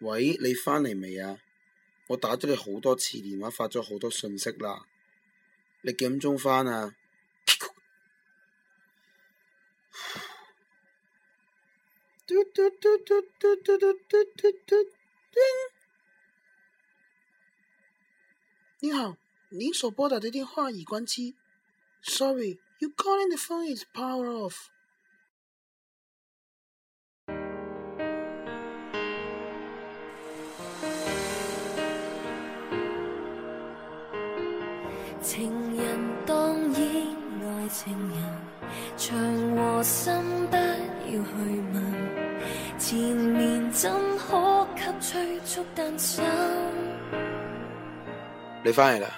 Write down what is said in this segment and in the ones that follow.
喂，你翻嚟未啊？我打咗你好多次電話，發咗好多信息啦，你幾點鐘翻啊？你好，您所撥打的電話已關機。Sorry, you calling the phone is power off. 情人當然愛情人，你翻嚟啦？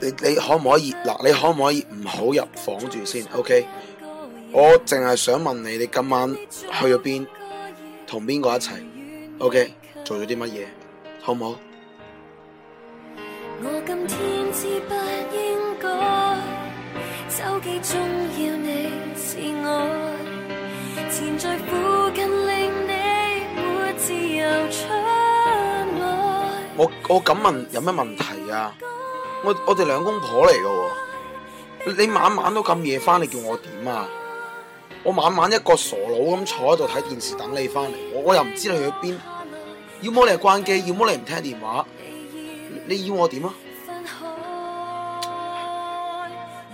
你你可唔可以嗱？你可唔可以唔好入房住先？OK？我淨係想問你，你今晚去咗邊？同邊個一齊？OK？做咗啲乜嘢？好唔好？我今天知不應該，手機中要你示愛，潛在附近令你沒自由出外。我我敢問有咩問題啊？我我哋兩公婆嚟噶喎，你，你每每每晚晚都咁夜翻嚟，叫我點啊？我晚晚一個傻佬咁坐喺度睇電視等你翻嚟，我我又唔知你去咗邊，要麼你係關機，要麼你唔聽電話。你要我點啊？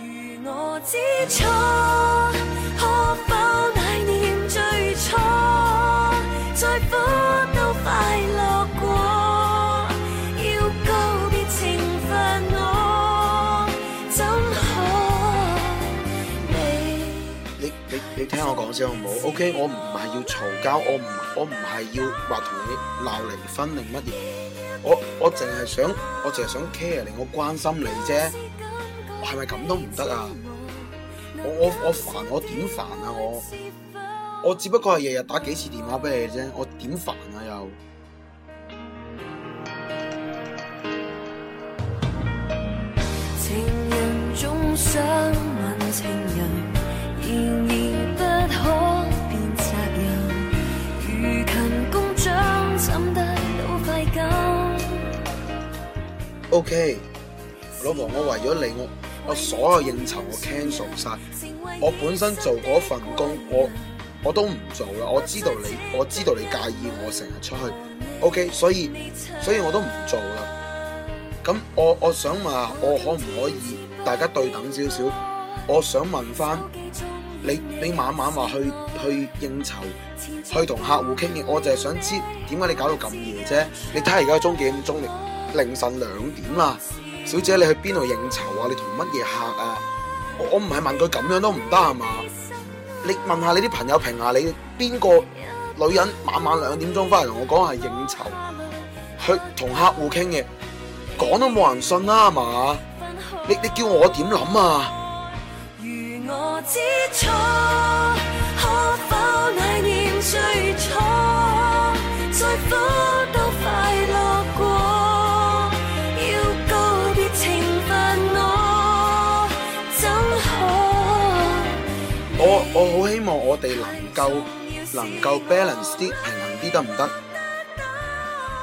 如我我之初，初，可否那年最初，再苦都快樂過，要告別情分，我真可你。你你你聽我講聲好唔好？OK，我唔係要嘈交，我唔我唔係要話同你鬧離婚定乜嘢？我我淨係想，我淨係想 care 你，我關心你啫，係咪咁都唔得啊？我我我煩，我點煩啊？我我只不過係日日打幾次電話俾你啫，我點煩啊又？情人 OK，老婆，我為咗你，我我所有應酬我 cancel 晒，我本身做嗰份工我我都唔做啦。我知道你，我知道你介意我成日出去。OK，所以所以我都唔做啦。咁我我想問下，我可唔可以大家對等少少？我想問翻你，你晚晚話去去應酬，去同客戶傾嘢，我就係想知點解你搞到咁夜啫？你睇下而家幾點鐘嚟？凌晨兩點啦，小姐，你去邊度應酬啊？你同乜嘢客啊？我唔係問佢咁樣都唔得啊嘛？你問下你啲朋友評下你，邊個女人晚晚兩點鐘翻嚟同我講係應酬，去同客戶傾嘅，講都冇人信啦係嘛？你你叫我點諗啊？我好希望我哋能夠能夠 balance 啲平衡啲得唔得？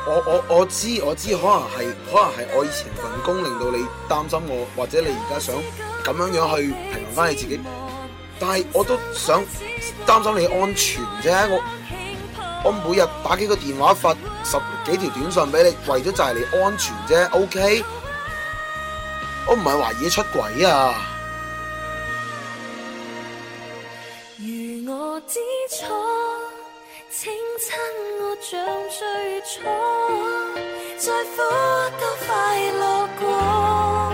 我我我知我知，可能係可能係我以前份工令到你擔心我，或者你而家想咁樣樣去平衡翻你自己，但係我都想擔心你安全啫。我我每日打幾個電話，發十幾條短信俾你，為咗就係你安全啫。OK，我唔係懷疑你出軌啊。知錯，請親我像最初，再苦都快樂過，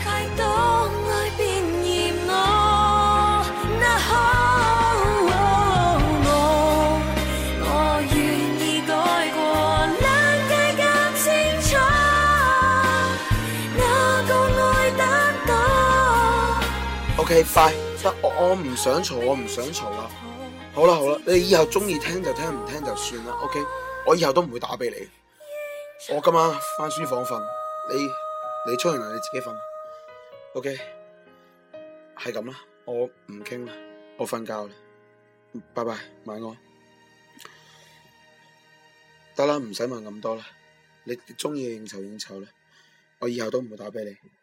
太多愛變嫌惡。那可我我願意改過，難計更清楚，哪個愛得多？OK，bye，得，我我唔想嘈，我唔想嘈啦。好啦好啦，你以後鍾意聽就聽，唔聽就算啦。OK，我以後都唔會打俾你。我今晚翻書房瞓，你你出完嚟，你自己瞓。OK，係咁啦，我唔傾啦，我瞓覺啦，拜拜，晚安。得啦，唔使問咁多啦，你鍾意應酬應酬啦，我以後都唔會打俾你。